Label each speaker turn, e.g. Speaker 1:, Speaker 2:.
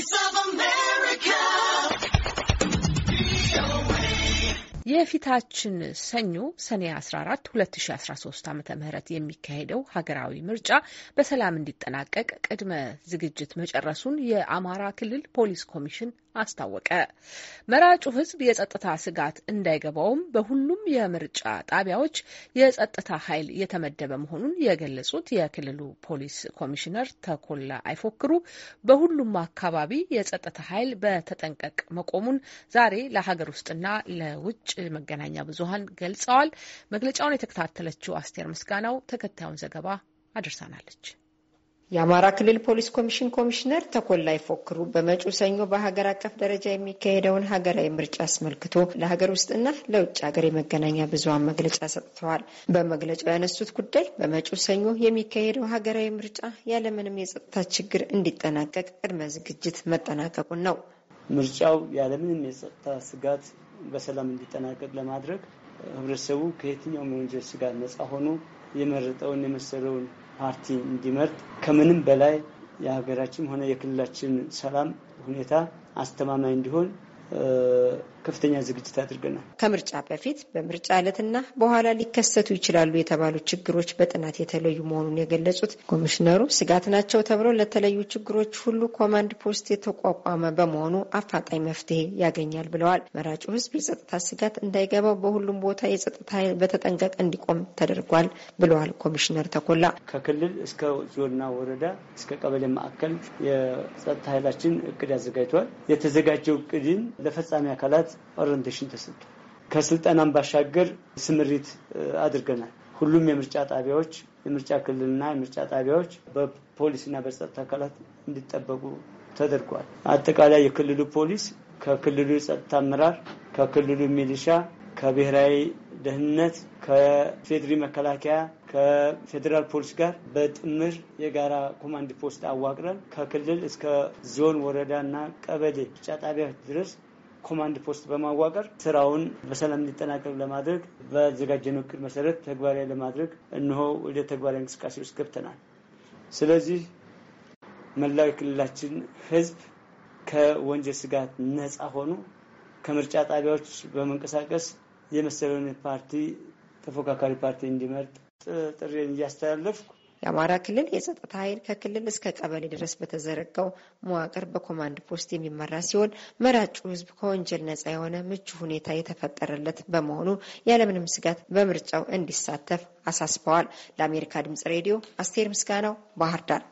Speaker 1: voice of
Speaker 2: የፊታችን ሰኞ ሰኔ 14 2013 ዓ ም የሚካሄደው ሀገራዊ ምርጫ በሰላም እንዲጠናቀቅ ቅድመ ዝግጅት መጨረሱን የአማራ ክልል ፖሊስ ኮሚሽን አስታወቀ። መራጩ ሕዝብ የጸጥታ ስጋት እንዳይገባውም በሁሉም የምርጫ ጣቢያዎች የጸጥታ ኃይል የተመደበ መሆኑን የገለጹት የክልሉ ፖሊስ ኮሚሽነር ተኮላ አይፎክሩ በሁሉም አካባቢ የጸጥታ ኃይል በተጠንቀቅ መቆሙን ዛሬ ለሀገር ውስጥና ለውጭ መገናኛ ብዙኃን ገልጸዋል። መግለጫውን የተከታተለችው አስቴር ምስጋናው ተከታዩን ዘገባ አድርሳናለች። የአማራ ክልል ፖሊስ ኮሚሽን ኮሚሽነር ተኮላ
Speaker 3: ይፎክሩ በመጪው ሰኞ በሀገር አቀፍ ደረጃ የሚካሄደውን ሀገራዊ ምርጫ አስመልክቶ ለሀገር ውስጥና ለውጭ ሀገር የመገናኛ ብዙሀን መግለጫ ሰጥተዋል። በመግለጫው ያነሱት ጉዳይ በመጪው ሰኞ የሚካሄደው ሀገራዊ ምርጫ ያለምንም የጸጥታ ችግር እንዲጠናቀቅ ቅድመ ዝግጅት መጠናቀቁን ነው።
Speaker 1: ምርጫው ያለምንም የጸጥታ ስጋት በሰላም እንዲጠናቀቅ ለማድረግ ህብረተሰቡ ከየትኛውም የወንጀል ስጋት ነጻ ሆኖ የመረጠውን የመሰለውን ፓርቲ እንዲመርጥ ከምንም በላይ የሀገራችን ሆነ የክልላችን ሰላም ሁኔታ አስተማማኝ እንዲሆን ከፍተኛ ዝግጅት አድርገናል።
Speaker 3: ከምርጫ በፊት በምርጫ ዕለትና በኋላ ሊከሰቱ ይችላሉ የተባሉ ችግሮች በጥናት የተለዩ መሆኑን የገለጹት ኮሚሽነሩ ስጋት ናቸው ተብለው ለተለዩ ችግሮች ሁሉ ኮማንድ ፖስት የተቋቋመ በመሆኑ አፋጣኝ መፍትሄ ያገኛል ብለዋል። መራጩ ህዝብ የጸጥታ ስጋት እንዳይገባው በሁሉም ቦታ የጸጥታ ኃይል በተጠንቀቅ እንዲቆም ተደርጓል ብለዋል ኮሚሽነር
Speaker 1: ተኮላ። ከክልል እስከ ዞንና ወረዳ እስከ ቀበሌ ማዕከል የጸጥታ ኃይላችን እቅድ አዘጋጅቷል። የተዘጋጀው እቅድን ለፈጻሚ አካላት ኦሪንቴሽን ተሰጥቶ ከስልጠናም ባሻገር ስምሪት አድርገናል። ሁሉም የምርጫ ጣቢያዎች የምርጫ ክልልና የምርጫ ጣቢያዎች በፖሊስና በጸጥታ አካላት እንዲጠበቁ ተደርጓል። አጠቃላይ የክልሉ ፖሊስ ከክልሉ የጸጥታ አመራር፣ ከክልሉ ሚሊሻ፣ ከብሔራዊ ደህንነት፣ ከፌድሪ መከላከያ፣ ከፌዴራል ፖሊስ ጋር በጥምር የጋራ ኮማንድ ፖስት አዋቅረን ከክልል እስከ ዞን ወረዳና ቀበሌ ምርጫ ድረስ ኮማንድ ፖስት በማዋቀር ስራውን በሰላም እንዲጠናቀቅ ለማድረግ በዘጋጀነው እቅድ መሰረት ተግባራዊ ለማድረግ እንሆ ወደ ተግባራዊ እንቅስቃሴ ውስጥ ገብተናል። ስለዚህ መላው የክልላችን ህዝብ ከወንጀል ስጋት ነፃ ሆኖ ከምርጫ ጣቢያዎች በመንቀሳቀስ የመሰለውን ፓርቲ ተፎካካሪ ፓርቲ እንዲመርጥ ጥሪ እያስተላለፍኩ
Speaker 3: የአማራ ክልል የጸጥታ ኃይል ከክልል እስከ ቀበሌ ድረስ በተዘረጋው መዋቅር በኮማንድ ፖስት የሚመራ ሲሆን መራጩ ሕዝብ ከወንጀል ነጻ የሆነ ምቹ ሁኔታ የተፈጠረለት በመሆኑ ያለምንም ስጋት በምርጫው እንዲሳተፍ አሳስበዋል። ለአሜሪካ ድምጽ ሬዲዮ አስቴር ምስጋናው ባህር ዳር